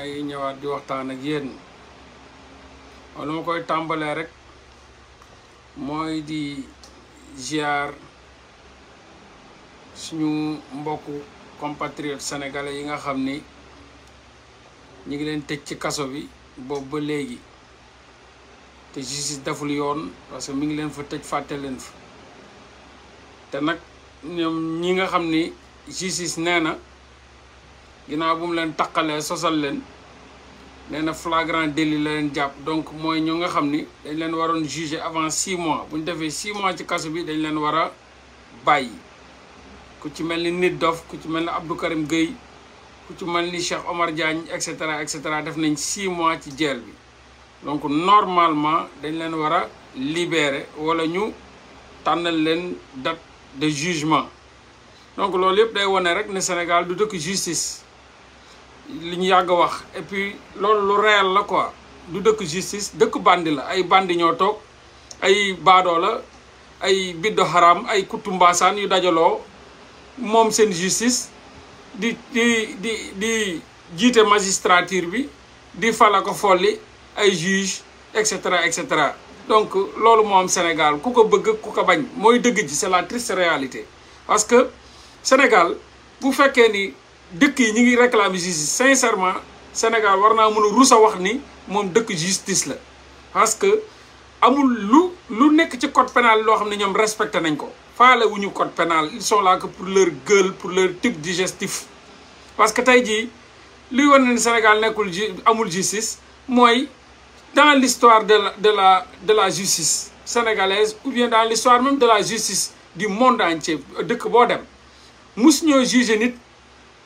ay ñëwaat di waxtaan ak yéen wala ma koy tàmbalee rek mooy di giar suñu mbokku compatriotes sénégalais yi nga xam ni ñu ngi leen tëj ci kaso bi boobu ba léegi te justice daful yoon parce que mi ngi leen fa tëj fàtte leen fa te nag ñi nga xam ni justice nee na. ginnaaw bu len takale taqalee sosal leen nee flagrant délit la len japp donc moy ñu nga xamni dañ len waroon juger avant 6 mois buñ défé 6 mois ci kaso bi dañ len wara bayyi ku ci melni nit dof ku ci melni Abdou Karim gey ku ci melni Cheikh Omar Diagne et cetera et cetera def nañ 6 mois ci jeel bi donc normalement dañ len wara libérer wala ñu tànnal len date de jugement donc loolu yëpp day woné rek né Sénégal du dëkk justice li ñu yàgg wax et puis loolu lu réel la quoi du dëkk justice dëkk bandi la ay bandi ñoo toog ay baadoo la ay biddo haram ay kuttu mbaasaan yu dajaloo moom seen justice di di di di jiite magistrature bi di fala folli ay juge et cetera et cetera donc loolu moom Sénégal ku ko bëgg ku ko bañ mooy dëgg ji c'est la triste réalité parce que Sénégal bu fekkee ni dëkk yi ñu ngi réclamer justice sincèrement Sénégal war naa mën a rusa wax ni moom dëkk justice la parce que amul lu lu nekk ci code pénal loo xam ne ñoom respecté nañ ko faale wu ñu code pénal ils sont là pour leur gueule pour leur tube digestif parce que tey jii luy wane ne Sénégal nekkul amul justice mooy dans l'histoire de la de la de la justice sénégalaise ou bien dans l'histoire même de la justice du monde entier dëkk boo dem mus ñoo juger nit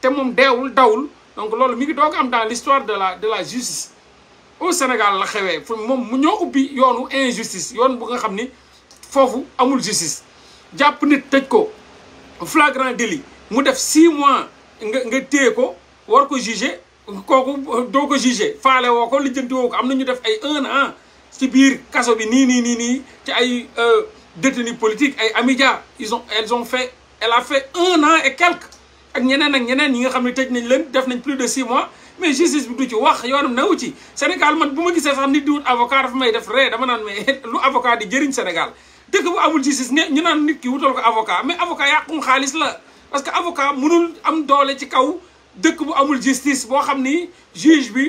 te moom deewul dawul donc loolu mi ngi doog am dans l'histoire de la de la justice au Sénégal la xewé mom mu ñoo ubbi yoonu injustice yoon bu nga xamni fofu amul justice japp nit tëj ko flagrant délit mu def six mois nga nga téye ko war ko juger koku doo ko juger faale woko li lijjanti am ñu def ay un an ci biir kaso bi ni ni ni nii ci ay euh, détenus politiques ay amidia ils ont elles ont fait elle a fait un an et quelques ak ñeneen ak ñeneen ñi nga xam ne tëj nañ leen def nañ plus de six mois mais justice bi du ci wax yoonam newu ci Sénégal man bu ma gisee sax nit di wut avocat dafa may def ree dama naan mais lu avocat di jëriñ Sénégal dëkk bu amul justice ne ñu naan nit ki wutal ko avocat mais avocat yàqum xaalis la parce que avocat mënul am doole ci kaw dëkk bu amul justice boo xam ni juge bi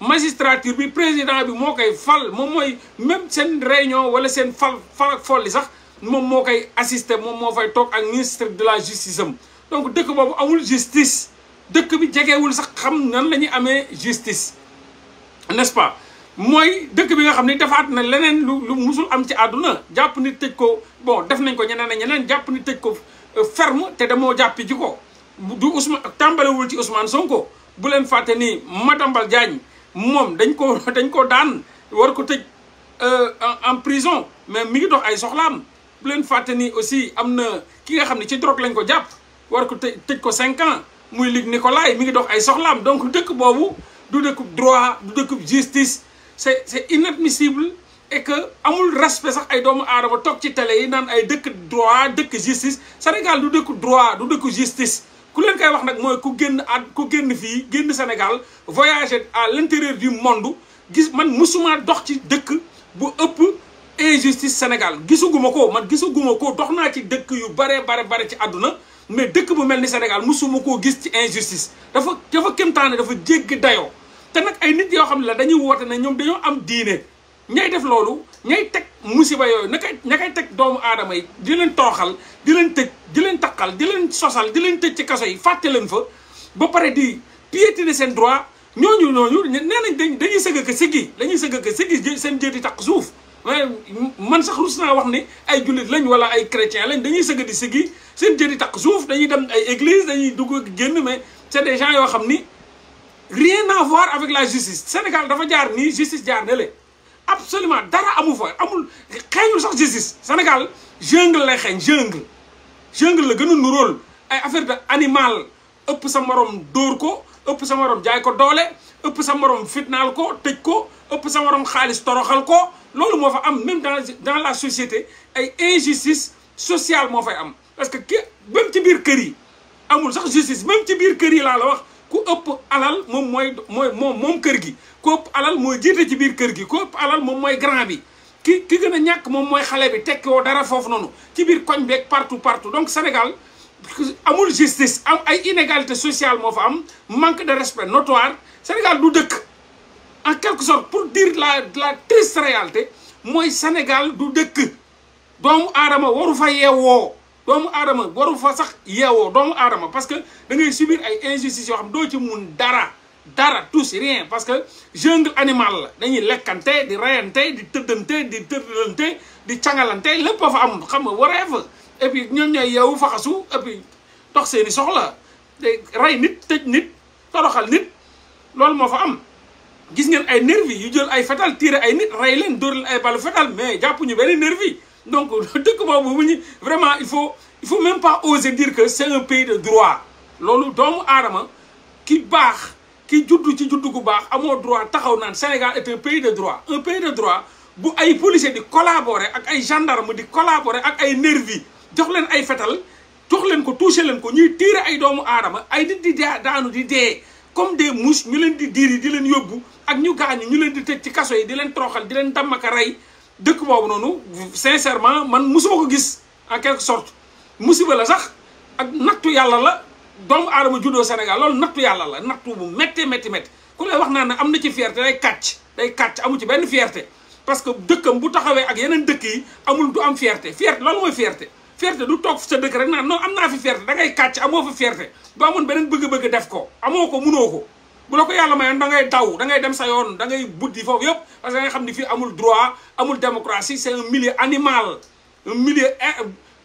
magistrature bi président bi moo koy fal moom mooy même s'en réunion wala s'en fal fal ak folli sax moom moo koy assister moom moo fay toog ak ministre de la justice am donc dëkk boobu amul justice dëkk bi jegewul sax xam nan la ñuy amee justice nest pa mooy dëkk bi nga xam ne defaat na leneen lu lu musul am ci àdduna jàpp ni tëj ko bon def nañ ko ñeneen ñeneen jàpp ni tëj ko euh, ferme te demoo jàppi ji ko du Ousmane tàmbalewul ci Ousmane Sonko bu leen fàtte ni ma Madiambal Diagne moom dañ ko dañ daan war ko tëj euh, en prison mais mi ngi dox ay soxlaam bu leen fàtte ni aussi am na ki nga xam ne ci drogue lañ ko jàpp war ko ko cinq ans muy Luc Nicolaï mi ngi dox ay soxlaam donc dëkk boobu du dëkkub droit du dëkkub justice c'est c'est inadmissible et que amul respect sax ay doomu aadama tok ci télé yi naan ay deuk droit deuk justice Sénégal du deuk droit du deuk justice ku len kay wax nak moy ku génn at ku génn fi génn Sénégal voyager à l'intérieur du monde gis man musuma dox ci deuk bu ëpp injustice Sénégal gisugumako man gisugumako ko dox naa ci deuk yu bare bare bare ci aduna mais dëkk bu mel ni Sénégal mosuma koo gis ci injustice dafa dafa kéemtaane dafa jégg dayoo te nag ay nit yoo xam ne la dañuy woote ne ñoom dañoo am diine ñay def loolu ñay teg musiba yooyu na koy ña koy teg doomu aadama yi di leen tooxal di leen tëj di leen taqal di leen sosal di leen tëj ci kaso yi fàtte leen fa ba pare di piétiner seen droit ñooñu ñooñu nee nañ dañuy sëgg ka siggi dañuy sëgg ka siggi seen jëti taq suuf man sax rus naa wax ni ay jullit lañ wala ay chrétien lañ dañuy sëgg di seen jëri takk suuf dañuy dem ay église dañuy dugg ak génn mais c'est des gens yoo xam ni rien à voir avec la justice Sénégal dafa jaar nii justice jaar ne le absolument dara amu fa amul xeeñul sax justice Sénégal jungle lay xeeñ jungle jungle la gënu a rôle ay affaire de animal ëpp sa morom dóor ko ëpp sa morom jaay ko doole ëpp sa morom fitnaal ko tëj ko ëpp sa morom xaalis toroxal ko loolu moo fa am même dans dans la société ay injustice sociale moo fay am parce que même ci biir kër yi amul sax justice même ci biir kër yi laa la wax ku ëpp alal moom mooy mooy moom moom kër gi ku ëpp alal mooy jiite ci biir kër gi ku ëpp alal moom mooy grand bi ki ki gën a ñàkk moom mooy bi dara fofu nonu ci biir koñ beeg partout partout donc Sénégal amul justice am ay inégalité sociale moo fa am manque de respect notoire Sénégal du dëkk en quelque sorte pour dire la la triste réalité moy Sénégal du dëkk doomu aadama waru fa yeewoo doomu aadama waru fa sax yeewoo doomu aadama parce que da ngay subir ay injustices yoo xam doo ci mun dara dara tous rien parce que jungle animal la dañuy lekkante di reyante di tëddante di tëddalante di cangalante lépp a fa am xam nga waree fa et puis ñoom ñooy yeewu faxasu et puis dox seeni soxla rey nit tëj nit toroxal nit loolu moo fa am gis ngeen ay nervi yu jël ay fetal tiire ay nit rey leen dóor ay balu fetal mais jàppuñu benn nervi donc dëkk boobu mu ñu vraiment il faut il faut même pas oser dire que c'est un pays de droit loolu doomu aadama ki baax ki juddu ci juddu gu baax amoo droit taxaw naan Sénégal est un pays de droit un pays de droit bu ay policiers di collaborer ak ay gendarme di collaborer ak ay nervi jox leen ay fetal jox leen ko touché leen ko ñuy tiire ay doomu aadama ay dit di daanu di dee comme des mouches ñu leen di diiri di leen yóbbu ak ñu gaañu ñu leen di tëj ci kaso yi di leen toroxal di leen dammaka rey dëkk boobu noonu sincèrement man musuma ko gis en quelque sorte musiba la sax ak nattu yàlla la doomu aadama juddoo Sénégal loolu nattu yàlla la nattu bu métti métti métti ku lay wax naa ne am na ci fierté day kàcc day kàcc amu ci benn fierté parce que dëkkam bu taxawee ak yeneen dëkk yi amul du am fierté fierté loolu mooy fierté fierté du toog sa dëkk rek naa non am naa fi fierté da kacc amoo fa fierté boo amoon beneen bëgg-bëgg def ko amoo ko munoo ko bu la ko yàlla mayoon da ngay daw dangay dem sa yoon da ngay foofu yëpp parce que nga xam ni fii amul droit amul démocratie c'est un milieu animal un milieu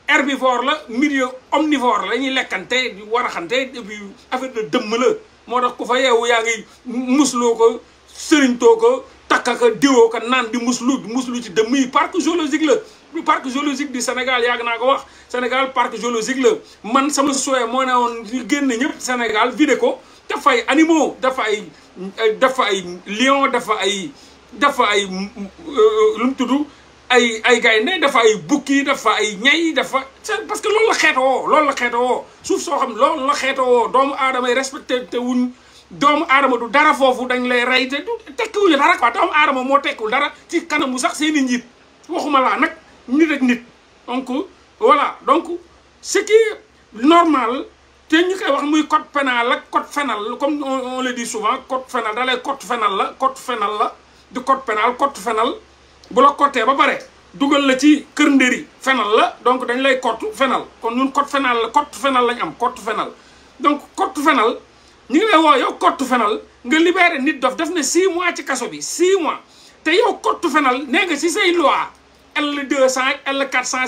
herbivore la milieu omnivore la ñuy lekkante di waraxante et puis affaire de dëmm la moo tax ku fa yeewu yaa ngi musloo ko sëriñtoo ko takka ko diwoo ko naan di muslu muslu ci dëmm yi parc zoologique la parc zoologique du Sénégal yàgg naa ko wax Sénégal parc zoologique la man sama souhait moo ne woon ñu génn ñëpp Sénégal vidé ko dafa ay animaux dafa ay euh, dafa ay lion dafa ay dafa ay euh, lu mu tudd ay ay gaynde dafa ay bukki dafa ay ñay dafa parce que loolu la xeetoo loolu la xeetoo suuf soo xam loolu la xeetoo doomu adama yi respecté te wuñ doomu aadama du dara foofu dañ lay rey te du tekkiwuñu dara quoi doomu aadama moo tekkul dara ci kanamu sax seeni njiit waxuma laa nag nit ak nit donc voilà donc ce qui normal te ñu koy wax code pénal code comme on le dit souvent code pénal dans les code pénal code pénal code pénal code pénal bu la ba pénal donc dans code pénal kon ñun code pénal code pénal code donc code pénal ni code pénal mois ci casobi six mois un code pénal nga ci L 200 L 400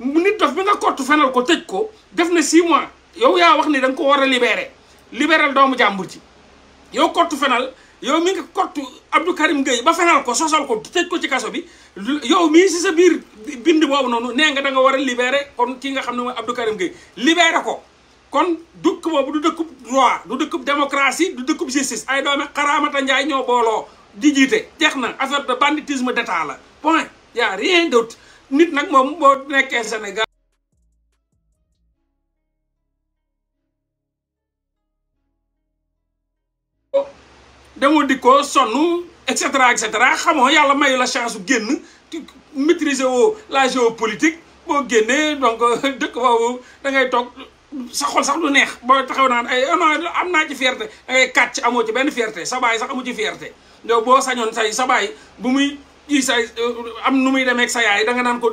nit dof bi nga kott fenal ko tëj ko def na 6 mois yow yaa wax ni da ko war a libéré libéral doomu jàmbur ci yow kott fenal yow mi nga kott Abdou Karim Gueye ba fenal ko sosal ko tëj ko ci kaso bi yow mii si sa biir bind boobu noonu nee nga da nga war a libéré kon ki nga xam ne mooy Abdou Karim Gueye libéré ko kon dëkk boobu du dëkkub droit du dëkkub démocratie du dëkkub justice ay doomi xaraamata njaay ñoo booloo di jiite jeex na affaire de banditisme d'état la point y a nit nak mom bo nekké Sénégal demo di sonu etc etc cetera et xamoo yàlla mayu la chance su génn maîtriser la géopolitique bo génnee donc euh, dëkk boobu da ngay tok sa xol sax lu neex bo taxaw naan ay oh amna ci fierté da ngay kàcc amoo ci benn fierté sa bay sax amu ci fierté donc bo sañoon say sa bay bu muy ji say am nu muy demee ak sa yaay da nga naan ko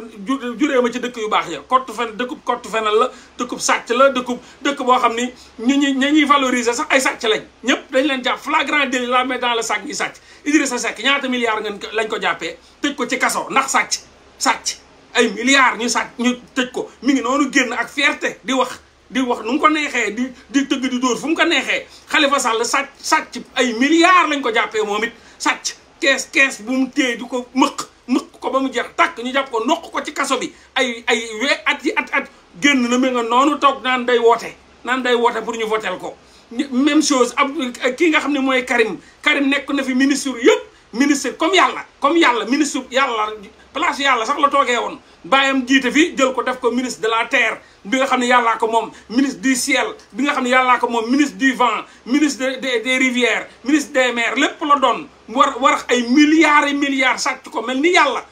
juree ma ci dëkk yu baax ya kottu fen dëkkub kottu fenal la dëkkub sàcc la dëkkub dëkk boo xam ni ñu ñi ña ñuy valoriser sax ay sàcc lañ ñëpp dañ leen jàpp la mais dans le sac ñuy sàcc Idrissa Seck ñaata milliards ngeen lañ ko jàppee tëj ko ci kaso ndax sàcc sàcc ay milliards ñu sàcc ñu tëj ko mi ngi noonu génn ak fierté di wax di wax nu mu ko neexee di di tëgg di dóor fu mu ko neexee Khalifa Sall sàcc sàcc ay milliards lañ ko jàppee moom it sàcc kees kees bu mu téye du ko mëq mëq ko ba mu jeex takk ñu jàpp ko noq ko ci kaso bi ay ay we at yi at at génn na mel nga noonu toog naan day woote naan day woote pour ñu votel ko même chose ab ki nga xam ne mooy Karim Karim nekk na fi ministre yëpp ministre comme yalla comme yalla ministre yalla place yalla sax la toogee won bayam djité fi jël ko def ko ministre de la terre bi nga xam yalla ko mom ministre du ciel bi nga xam yalla ko mom ministre du vent ministre des des rivières ministre des mers lepp la doon war war ay milliards et milliards sàcc ko melni ni yàlla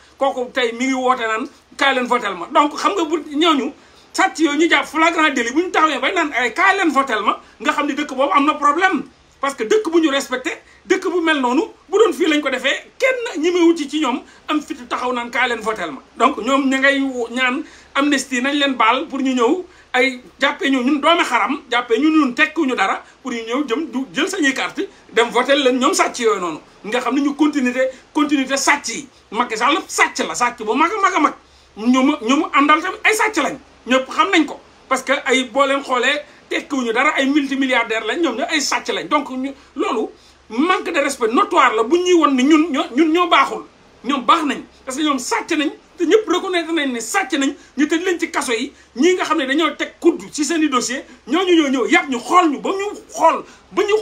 tay mi ngi woote nan kay leen votel ma donc xam nga bu ñooñu sàcc yooyu ñu japp flagrant délit buñu tawé bay naan ay kay leen votel ma nga xamni ne dëkk bobu amna problème parce que dëkk buñu ñu respecté dëkk bu mel noonu bu doon fii lañ ko defee kenn ñemewu ci ci ñoom am fit taxaw naan kaa leen votel ma donc ñoom ña ngay ñaan amnistie nañ leen baal pour ñu ñëw ay jàppee ñu ñun doomi xaram jàppee ñu ñun tekkuñu dara pour ñu ñëw jëm du jël sañuy carte dem votel leen ñoom sàcc yooyu noonu nga xam ne ñu continuité continuité sàcc yi Macky sàcc la sàcc bu mag a mag a mag ñu mu ñu mu àndal tamit ay sàcc lañ ñëpp xam nañ ko parce que ay boo leen xoolee tekkiwuñu dara ay multimilliardaire lañ ñoom ñoo ay sàcc lañ donc ñu loolu manque de respect notoire la bu ñuy won ni ñun ñoo ñun ñoo baaxul ñoom baax nañ parce que ñoom sàcc nañ te ñëpp reconnaître nañ ne sàcc nañ ñu tëj leen ci kaso yi ñii nga xam ne dañoo teg kudd ci seen i dossier ñooñu ñoo ñëw yàpp ñu xool ñu ba ñu xool ba ñu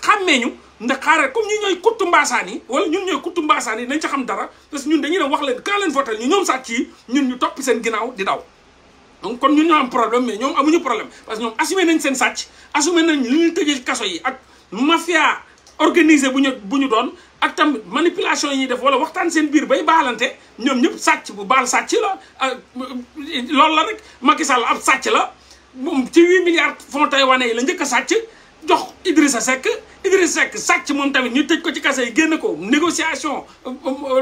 xàmmee ñu ndax xaaral comme ñi ñooy kuttu mbaasaan yi wala ñun ñooy kuttu mbaasaan yi nañ ca xam dara ñun dañuy dem wax leen kaa leen votel ñu ñoom sàcc yi ñun ñu ginnaaw di daw donc kon ñun ñoo am ñoom amuñu problème parce que ñoom nañ seen sàcc assumé nañ li ñu tëjee kaso yi ak mafia organiser bu ñu bu ñu doon ak tam manipulation yi ñuy def wala waxtaan seen biir bay baalante ñoom ñëpp sàcc bu baal sàcc la loolu la rek Macky Sall ab sàcc la ci huit milliards tey wane yi la njëkk sàcc jox Idrissa Seck Idrissa Seck sàcc moom tamit ñu tëj ko ci kase yi génn ko négociation euh,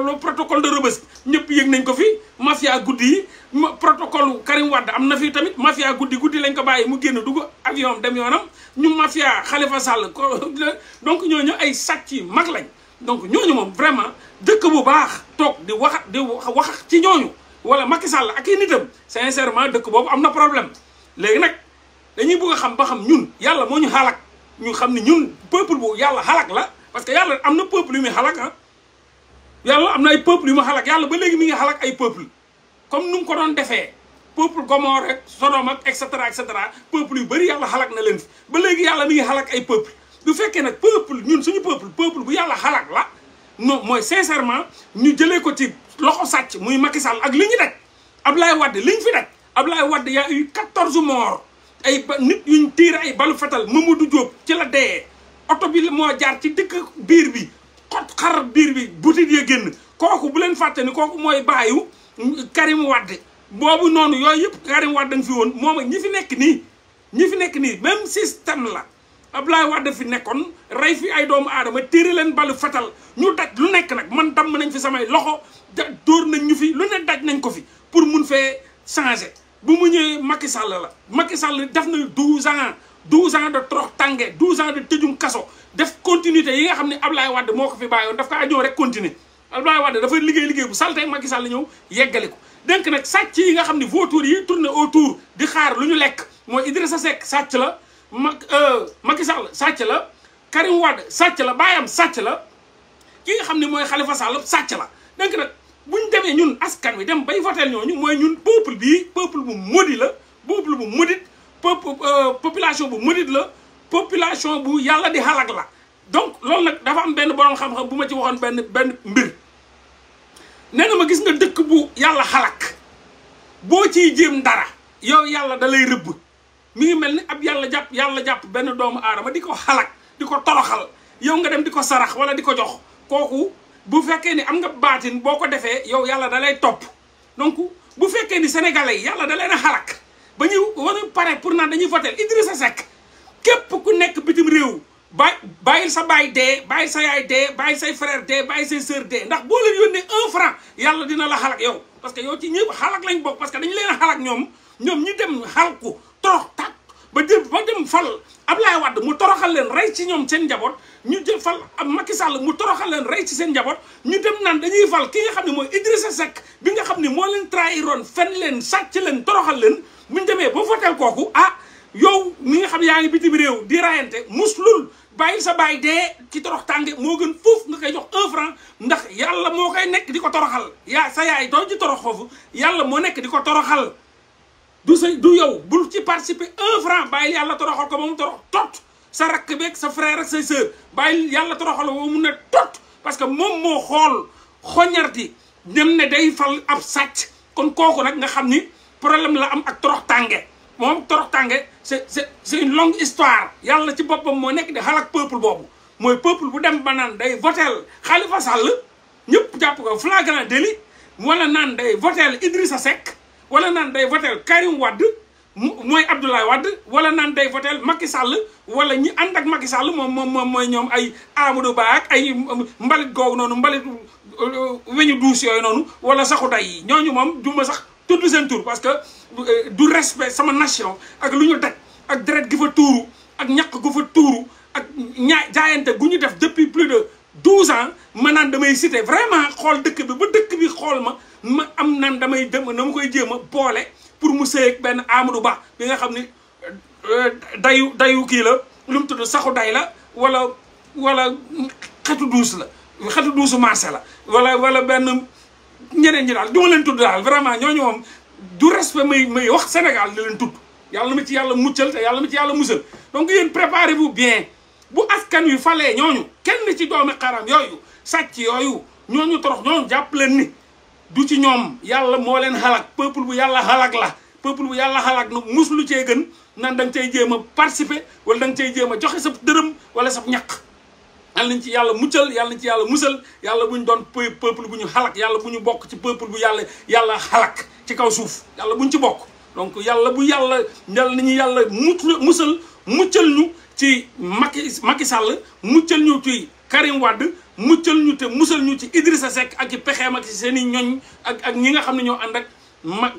le protocole de Rebeuss ñëpp yëg nañ ko fi mafia guddi yi protocole Karim Wade am na fi tamit mafia guddi guddi lañ ko bàyyi mu génn dugg avion dem yoonam ñu mafia Khalifa Sall ko donc ñooñu ay sàcc yu mag lañ donc ñooñu moom vraiment dëkk bu baax toog di wax di wax ci ñooñu wala Macky sàll ak i nitam sincèrement dëkk boobu am na problème léegi nag dañuy bëgg a xam ba ñun yàlla moo ñu xalak ñu xam ne ñun peuple bu yàlla xalak la parce que yàlla am na peuple yu muy xalak ah yàlla am na ay peuple yu mu xalak yàlla ba léegi mi ngi xalak ay peuple comme nu mu ko doon defee peuple Gomor rek Sodom ak et cetera et cetera peuple yu bëri yàlla xalak na leen fi ba léegi yàlla mi ngi xalak ay peuple du fekkee nag peuple ñun suñu peuple peuple bu yàlla xalak la non mooy sincèrement ñu jëlee ko ci loxo sàcc muy Macky Sall ak li ñu daj Ablaye Wade li ñu fi daj Ablaye Wade y a eu quatorze morts ay ba nit yuñ tiir ay balu fetal du Diop ci la dee oto bi moo jaar ci dëkk biir bi xot xar biir bi butit ya génn kooku bu leen fàtte ni kooku mooy baayu Karim Wade boobu noonu yooyu yëpp Karim Wade nga fi woon moom ak ñi fi nekk nii ñi fi nekk nii même système la ab Abdoulaye Wade fi nekkoon rey fi ay doomu aadama téere leen balu fetal ñu daj lu nekk nag man damm nañ fi samay loxo dóor nañ ñu fi lu ne daj nañ ko fi pour mun fee changer bu mu ñëwee Macky Sall la Macky Sall def na 12 ans 12 ans de trox tànge 12 ans de tëjum kaso def continuité yi nga xam ne Ablaye Wade moo ko fi bàyyoon daf ko ajoon rek continuer Ablaye Wade dafa liggéey liggéey bu salte Macky Sall ñëw yeggali ko donc nag sàcc yi nga xam ne vautours yi tourné autour di xaar lu ñu lekk mooy Idrissa Seck sàcc la ma euh, Macky Sall sàcc la Karim Wade sàcc la baayam sàcc la ki nga xam ne mooy Khalifa Sall sàcc la donc nag buñ demee ñun askan wi dem bay votel ñooñu mooy ñun peuple bii peuple bu maudit la peuple bu maudit euh, population bu maudit la population bu yàlla di xalak la donc loolu nag dafa am benn boroom xam-xam bu ma ci waxoon benn benn mbir nee na ma gis nga dëkk bu yàlla xalak boo ciy jéem dara yow yàlla dalay rëbb mi ngi mel ni ab yàlla jàpp yàlla jàpp benn doomu aadama di ko xalak di ko toroxal yow nga dem di ko sarax wala di ko jox kooku bu fekkee ni am nga baatin boo ko defee yow yàlla da topp donc bu fekkee ni sénégalais yi yàlla da leen a xalak ba ñu war na pare pour naan dañuy voter Idrissa Seck képp ku nekk bitim réew bàyyi bàyyil sa baay dee bàyyil sa yaay dee bàyyil say frère dee bàyyil say sœur dee ndax boo leen yónnee un franc yàlla dina la xalak yow parce que yow ci ñëpp xalak lañ bokk parce que dañu leen a xalak ñoom ñoom ñu dem xalku torox tak ba jël fal Ablaye Wade mu toroxal leen rey ci ñoom seen njaboot ñu jël fal ab Macky Sall mu toroxal leen rey ci seen njaboot ñu dem naan dañuy fal ki nga xam ne mooy Idrissa Seck bi nga xam ne moo leen trahiroon fen leen sàcc leen toroxal leen bu ñu demee ba fotel kooku ah yow mi nga xam yaa ngi bitim réew di rayante muslul bàyyil sa baay dee ci torox tànge moo gën foofu nga koy jox un franc ndax yàlla moo koy nekk di ko toroxal yaa sa yaay doo ci torox foofu yàlla moo nekk di ko toroxal du sa du yow bul ci participer 1 franc bayil yalla toroxal ko ba mu torox tot sa rak bek sa frère ak sa sœur bayil yalla toroxal ko mu ne tot parce que mom mo xol xognarti dem ne day fal ab sacc kon koku nak nga xamni problème la am ak torox tangé mom torox tangé c'est c'est une longue histoire yalla ci bopam mo nek di halak peuple bobu moy peuple bu dem banane day votel Khalifa Sall ñëpp japp ko flagrant délit wala nan day votel Idrissa Seck wala naan day votel Karim Wade mooy Abdoulaye Wade wala naan day votel Macky Sall wala ñi ànd ak Macky Sall moom moom moom mooy ñoom ay Amadou Ba ak ay mbalit googu noonu mbalit euh, weñu duus yooyu noonu wala saxu day yi ñooñu moom jumba sax tudd seen tur parce que euh, du respect sama nation ak lu ñu daj ak deret gi fa tuuru ak ñaq gu fa tuuru ak ñaa jaayante gu ñu def depuis plus de douze ans ma naan damay citer vraiment xool dëkk bi ba dëkk bi xool ma ma am naan damay dem na mu koy jéem a boole pour mu sëy ak benn Amadou Ba bi nga xam ni euh, dayu dayu kii la lu mu tudd saxu day la wala wala xetu duus la xetu duusu marché la wala wala benn ñeneen ñi daal du ma leen tudd daal vraiment ñooñu moom du respect may may wax Sénégal di leen tudd yàlla ma ci yàlla muccal te yàlla ma ci yàlla musal donc yéen préparez bu bien bu askan wi falee ñooñu kenn ci doomi xaram yooyu sàcc yooyu ñooñu torox ñooñu jàpp leen ni du ci ñoom yàlla moo leen xalak peuple bu yàlla xalak la peuple bu yàlla xalak nag lu cee gën nan da cee cay jéem a participer wala da nga cay jéem a joxe sab dërëm wala sa ñaq yàlla nañ ci yàlla muccal yàlla ci yàlla musal yàlla bu ñu doon peuple bu ñu xalak yàlla bu ñu bokk ci peuple bu yàlla yàlla xalak ci kaw suuf yàlla bu ñu ci bokk donc yàlla bu yàlla yàlla nañu yàlla mucc musal muccal ñu ci Macky Macky sàll muccal ñu ci Karim Wade muccal ñu te musal ñu ci Idrissa Seck ak i pexeem ak seen i ñoñ ak ñi nga xam ne ñoo ànd ak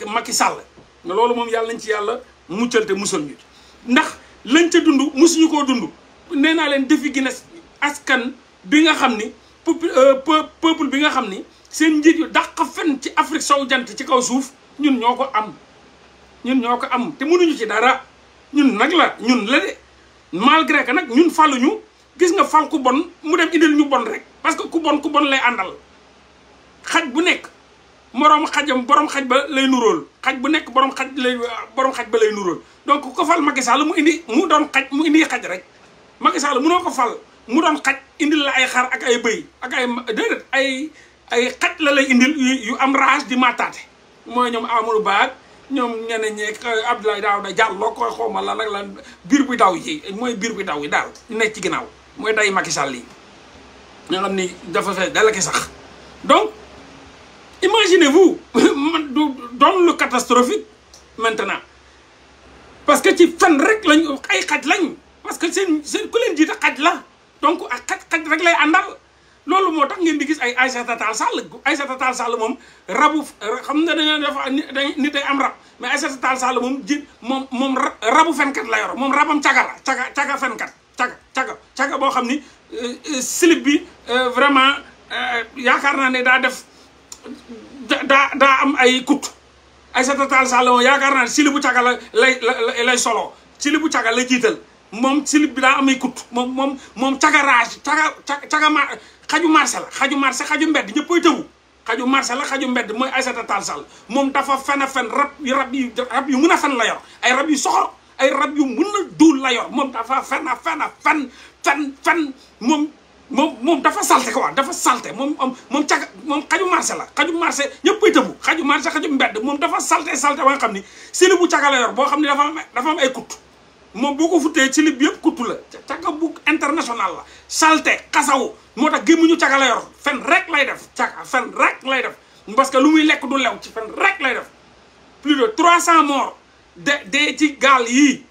Macky Sall ne loolu moom yàlla nañ ci yàlla muccal te musal ñu ndax lañ ca dund musuñu koo dundu nee naa leen defi Guinness askan bi nga xam ni euh, peuple bi nga xam ni seen njiit yu dàq fen ci Afrique sow jant ci kaw suuf ñun ñoo ko am ñun ñoo ko am te mënuñu ci dara ñun nag la ñun la de malgré que nag ñun fàlluñu gis nga fan ku bon mu dem indil ñu bon rek parce que ku bon ku bon lay àndal xaj bu nekk moroom xajam borom xaj ba lay nuróol xaj bu nekk borom xaj lay borom xaj ba lay nuróol donc ko fal Macky Sall mu indi mu doon xaj mu indi xaj rek Macky Sall mënoo ko fal mu doon xaj indil la ay xar ak ay bëy ak ay déedéet ay ay xaj la lay indil yu am rage di mataate mooy ñoom Amadou Ba ñoom ñeneen ab euh, Abdoulaye Daouda Diallo koy xawma la nag la biir bu daw yi mooy biir bi daw yi daal nekk ci ginnaaw moy day Macky Sall dafa dala sax donc imaginez-vous dans le catastrophique maintenant parce que ci fan rek lañ ay lañ parce que c'est ku la donc ak rek lay ngeen di Tall Tall rabu na am mais Aïssata Tall Sall mom rabu la yor mom rabam caga caga caga boo xam ni euh, euh, slip bi euh, vraiment yaakaar naa ne daa def daa daa am ay kut Aïssata Tall Sall moom yaakaar naa ne slip bu caga la lay lay solo slip bu caga la jiital moom slip bi daa am ay kut moom moom moom caga rage caga caga ma xaju marché la xaju marché xaju mbedd ñëppay tëwu xaju marché la xaju mbedd mooy Aïssata Tall Sall moom dafa fen a fen rab yu rab yu rab a fen la yor ay rab yu soxor ay rab yu mun la duul la yor moom dafa fen a fen a fen fen fen moom moom moom dafa salte quoi dafa salte moom moom caga moom xaju marché la xaju marché ñëpp ay tëbu xaju marché xaju mbedd moom dafa salte salte ba nga xam ni silib bu caga la yor boo xam ne dafa am ay kutt moom boo ko futtee silib bi yëpp kutt la caga bu international la salte kasaw moo tax gémmuñu caga la yor fen rek lay def caga fen rek lay def parce que lu muy lekk du lew ci fen rek lay def plus de 300 de ci gal yi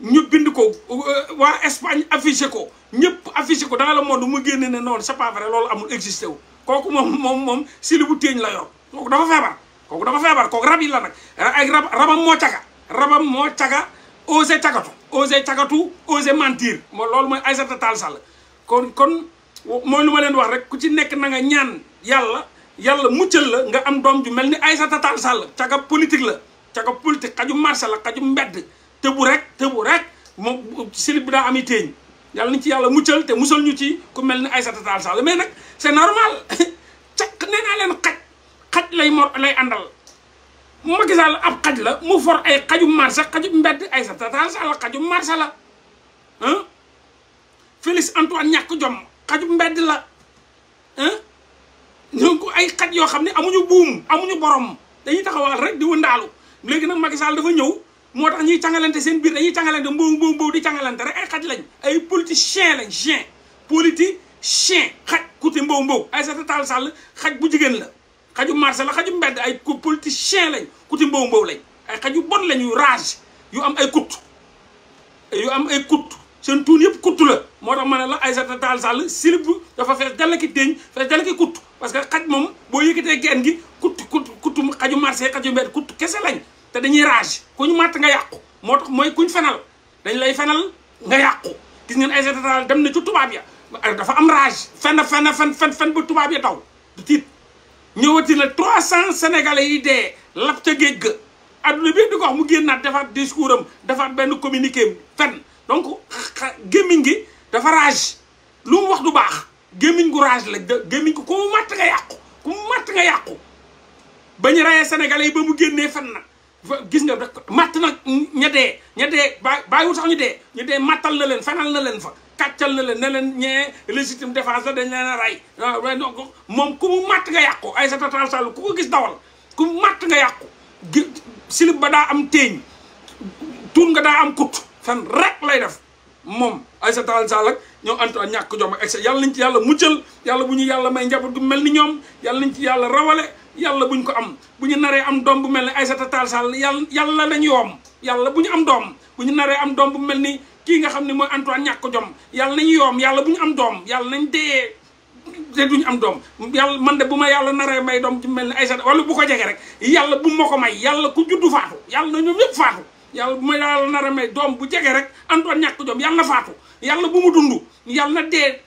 ñu bind ko euh, wa Espagne afficher ko ñëpp afficher ko dans la monde mu génne né non c'est pas vrai lolu amul existé wu koku mom mom mom silibu bu la yor koku dafa febar koku dafa febar koku rab yi la nak ay rab rabam mo tiaga rabam mo tiaga osé cagatu osé tiagatu osé mentir moo loolu mooy Aïssata Tall kon kon moy luma len wax rek ku ci nek na nga ñaan yalla yalla muccel la nga am dom ju melni ni Aïssata Tall sal caga politique la caga politique xaju marché la xaju mbedd te tëbu rek tëbu rek moom silib bu daa ami téeñ yàlla nañ ci yàlla muccal te musal ñu ci ku mel ni Aïssata Tall Sall mais nag c'est normal caq nee naa leen xaj xaj lay mor lay àndal Macky Sall ab xaj la mu for ay xaju marché xaju mbedd Aïssata Tall Sall xaju marché la ah Félix Antoine ñàkk jom xaju mbedd la ah ñoo ko ay xaj yoo xam ne amuñu buum amuñu borom dañuy taxawal rek di wëndaalu léegi nag Macky Sall dafa ñëw moo tax ñuy cangalante seen biir dañuy cangalante mbow mbow mbow di cangalante rek ay xaj lañ ay politicien lañ chien politicien xaj kuti mbow mbow Aïssata Tall Sall xaj bu jigéen la xaju marché la xaju mbedd ay politicien lañ kuti mbow mbow lañ ay xaju yu bon lañ yu rage yu am ay kut yu am ay kut seen tuun yëpp kuttu la moo tax ma ne la Aïssata Tall Sall silib dafa fees dal ki déñ fees dal ki parce que xaj moom boo yëkkatee genn gi kutt kutt kuttu xaju marché xaju mbedd kutt kese lañ te dañuy rage ku ñu màtt nga yàqu moo tax mooy kuñ fenal dañ lay fenal nga yàqu gis ngeen Aïssata Tall dem na ci tubaab ya dafa am rage fen fen fen fen fen ba tubaab ya taw du tiit ñëwati na trois cent sénégalais yi dee lap ca géej ga adduna bi di ko wax mu génnaat defaat discours am defaat benn communiqué fen donc gémmiñ gi dafa rage lu mu wax du baax gémmiñ gu rage la gémmiñ ko ku mu màtt nga yàqu ku màtt nga yàqu ba ñu rayee sénégalais yi ba mu génnee fen na gis nga matt nag ña dee ña dee ba bàyyiwul sax ñu dee ñu mattal la leen fanal la leen fa kàccal la leen ne leen ñee légitime défense la dañ leen a rey ah, waaw moom ku mu matt nga yàqu ay Tall ko gis dawal ku matt nga yàqu silib ba daa am téeñ tuun nga daa am kut fan rek lay def moom Aïssata Tall Sall ak ñoom Antoine ñàkk jom ak yàlla nañ ci yàlla muccal yàlla bu ñu yàlla may njaboot gu mel ni ñoom yàlla nañ ci yàlla rawale yàlla buñ ko am bu ñu naree am doom bu mel ni Aïssata Tall Sall yàlla yàlla nañ yoom yàlla bu ñu am doom bu ñu naree am doom bu mel ni kii nga xam ne mooy Antoine ñàkk jom yàlla nañ yoom yàlla bu ñu am doom yàlla nañ dee duñ am doom yàlla man de bu ma yàlla naree may doom ci mel ni Aïssata wala bu ko jege rek yàlla bu ma ko may yàlla ku juddu faatu yàlla na ñoom ñëpp faatu yàlla bu ma yàlla naree may doom bu jege rek Antoine ñàkk jom yàlla faatu yàlla bu ma dundu yàlla na dee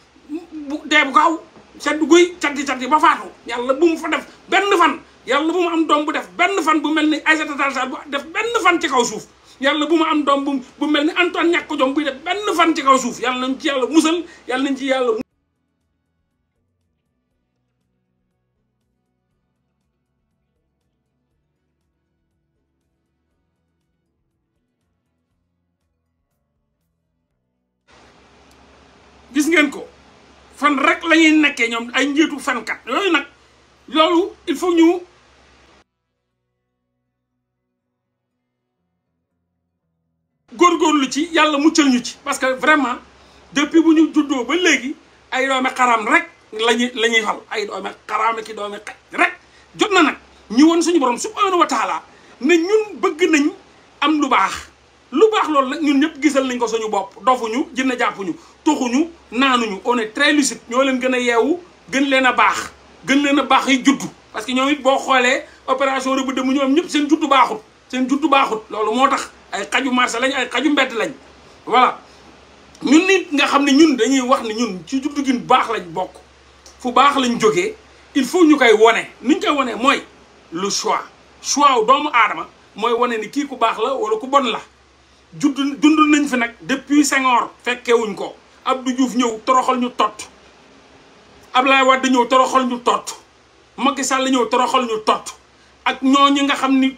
bu dee bu kaw sedd guy cagti cagti ba faatu yàlla bu mu fa def benn fan yàlla bu mu am doom bu def benn fan bu mel ni Aïssata Tall Sall bu def benn fan ci kaw suuf yàlla bu mu am doom bu bu mel ni Antoine ñàkk jom buy def benn fan ci kaw suuf yàlla nañ ci yàlla musal yàlla nañ ci yàlla gis ngeen ko fan rek la nekkee ñoom ay njiitu fenkat yooyu nag loolu il faut ñu góorgóorlu ci yàlla muccal ñu ci parce que vraiment depuis bu ñu juddoo ba léegi ay doomi xaraam rek lañuy la ñuy fal ay doomi xaraam ki doomi xaj rek jot na nag ñu woon suñu borom subhanahu wa taala ne ñun bëgg nañ am lu baax lu baax loolu nag ñun ñëpp gisal nañ ko suñu bopp dofuñu a jàppuñu tuxuñu naanuñu on est très lucide ñoo leen gën a yeewu gën leen a baax gën leen a baax yi juddu parce que ñoom it boo xoolee opération rëbb dëmm ñoom ñëpp seen juddu baaxut seen juddu baaxut loolu moo tax ay xaju marché lañ ay xaju mbedd lañ voilà ñun nit nga xam ne ñun dañuy wax ne ñun ci juddu gi baax lañ bokk fu baax lañ jógee il faut ñu koy wone ni ñu koy wone mooy le choix choix wu doomu aadama mooy wone ni kii ku baax la wala ku bon la judd dund nañ fi nag depuis Senghor fekkewuñ ko Abdou juuf ñëw toroxal ñu tott Ablaye Wade ñëw toroxal ñu tott Macky Sall ñëw toroxal ñu tott ak ñooñu nga xam ni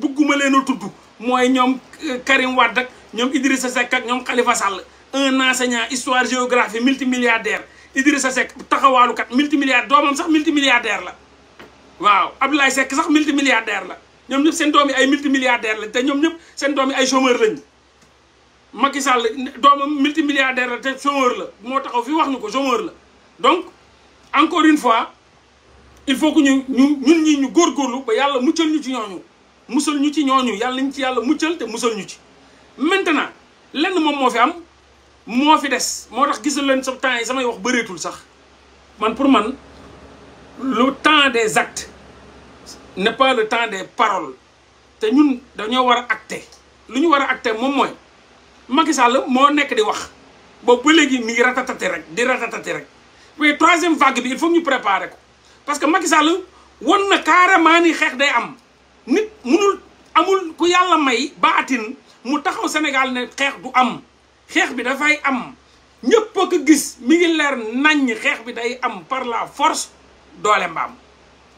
bugguma leen a tudd mooy ñoom euh, Karim Wade ak ñoom Idrissa Seck ak ñoom Khalifa Sall un enseignant histoire géographie multimilliardaire Idrissa Seck taxawaalukat multimilliardaire doomam sax milti multimilliardaire la waaw Abdoulaye Seck sax milti multimilliardaire la Nous sommes seen doom yi ay des lañ té ñom ñep seen multimilliardaire la chômeur la fi wax chômeur donc encore une fois il faut que nous nous ñun ñi ñu gorlu ba yalla muccal ñu ci ñu ci ci ñu ci maintenant lenn mom mo fi am mo fi des mo tax gisul sa temps samay wax sax man pour man le temps des actes n'est pas le temps des paroles te ñun dañu wara a acté lu ñu wara a acté moom mooy Macky Sall mo nekk di wax Bo ba légui mi ngi ratatati rek di ratatati rek mais troisième vague bi il faut ñu préparer ko parce que Macky Sall won na carrément ni xex day am nit mënul amul ku Yalla may baatin mu taxaw Sénégal né xex du am Xex bi da fay am Ñepp ko gis mi ngi leer nañ xex bi day am par la force doole mbaam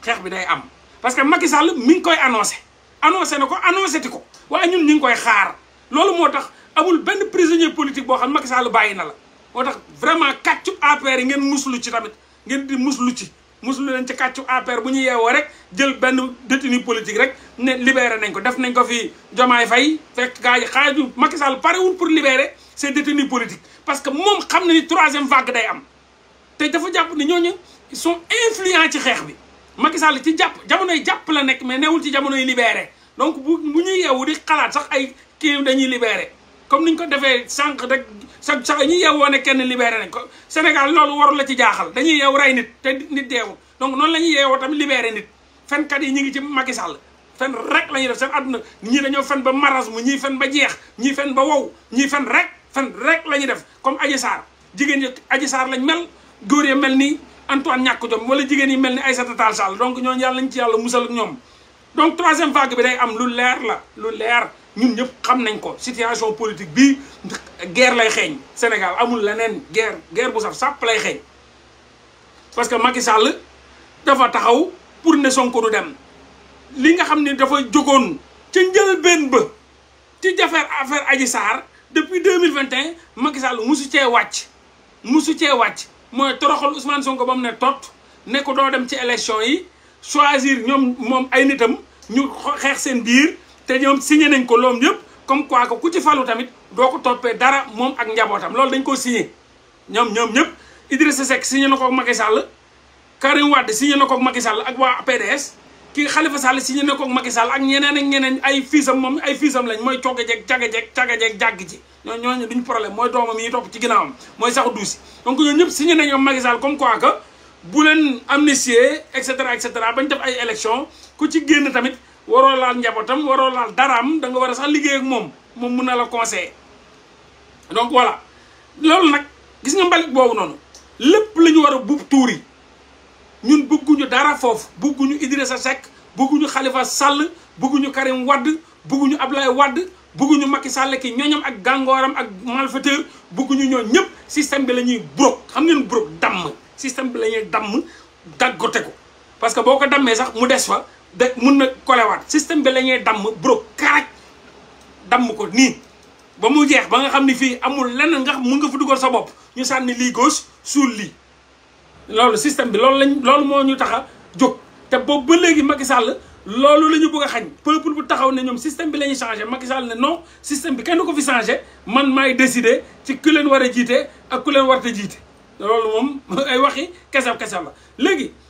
xex bi day am. parce que Macky Sall mi ngi koy annoncé annoncé na ko annoncé ti ko waaye ñun ñu ngi koy xaar loolu moo tax amul benn prisonnier politique boo xam Macky Sall bàyyi na la moo tax vraiment kàccu APR yi ngeen muslu ci tamit ngeen di muslu ci muslu leen ci kàccu APR bu ñu yeewoo rek jël benn détenu politique rek ne libere nañ ko def nañ ko fi Jomaay Fay fekk gaa yi xaaju Macky Sall parewul pour libérer ces détenus politiques parce que moom xam na ni troisième vague day am te dafa jàpp ne ñooñu ils sont influents ci xeex bi Macky Sall ci jàpp jamonoy jàpp la nekk mais newul ci jamonoy libéré donc bu bu ñuy yeewu di xalaat sax ay kii dañuy libeere comme niñ ko defee sànq rek sax sax ñuy yeewoo ne kenn libéré nañ ko Sénégal loolu waru la ci jaaxal dañuy yeew rey nit te nit deewul donc noonu la ñuy yeewoo tamit libéré nit fenkat yi ñu ngi ci Macky Sall rek la ñuy def seen àdduna ñii dañoo fen ba marasme ñii fen ba jeex ñii fen ba wow ñii fen rek fen rek la ñuy def comme Adji Sarr jigéen ñi Adji Sarr lañ mel góor ya mel nii Antoine ñàkk jom wala jigéen yi mel ni ay Aïssata Tall Sall donc ñooñu yàlla nañ ci yàlla musal ak ñoom donc troisième vague bi day am lu leer la lu leer ñun ñëpp xam nañ ko situation politique bi guerre lay xeeñ Sénégal amul leneen guerre guerre bu saf sàpp lay xeeñ parce que Macky Sall dafa taxaw pour ne Sonko du dem li nga xam ne dafa jógoon ca njëlbeen ba ci jafeer affaire Adji Sarr depuis deux mille vingt et un Macky Sall musu cee wàcc musu cee wàcc mooy toroxal Ousmane Sonko ba mu ne tot ne ko doo dem ci élection yi choisir ñoom moom ay nitam ñu xeex seen biir te ñoom signé nañ ko loom yëpp comme quoi ko ku ci falu tamit doo ko toppee dara moom ak njabootam loolu dañ ko signé ñoom ñoom ñëpp Idrissa Seck signé na ko ak Macky Sall Karim na ko ak ak waa PDS ki Khalifa Sall signé na ko ak Macky Sall ak ñeneen ak ñeneen ay fiisam mom ay fiisam lañ moy cogge jek cagge jek cagge jek jàgg ji ñoo ñoo duñ problème moy doomam yi top ci ginnaawam moy sax douci donc ñooñu ñëpp signé nañu Macky Sall comme quoi que bu len amnistie et cetera et cetera bañ def ay élection ku ci genn tamit waro laal njabotam waro laal daram da nga wara a sax liggéey ak mom mom mun na la conseil donc voilà lool nak gis nga mbalit bobu noonu lepp lañu wara bu touri ñun bëgguñu dara foofu bëgguñu Idrissa Seck bëgguñu Khalifa Sall bëgguñu Karim wad, bëgguñu Abdoulaye wad, bëgguñu Macky Sall ki ñoñam ak gangoram ak malfaiteur bëgguñu ñoo ñëpp système bi la brok xam ngeen brok dam système bi la dam damm ko parce que boko damé sax mu dess fa de mun na wat système bi la dam brok karak dam ko ni ba mu jeex ba nga xamni fi amul lenn nga mun nga fa duggal sa bop ñu sanni li gauche sul li loolu système bi loolu lañ loolu moo ñu tax a jóg te boobu ba léegi Macky sàll loolu la ñu bëgg a xañ pour bu taxaw ne ñoom système bi la ñuy changé Macky Sall ne non système bi kenn ko fi changé man maay décidé ci ku leen war a jiite ak ku leen war a jiite loolu moom ay waxi kese kese la léegi.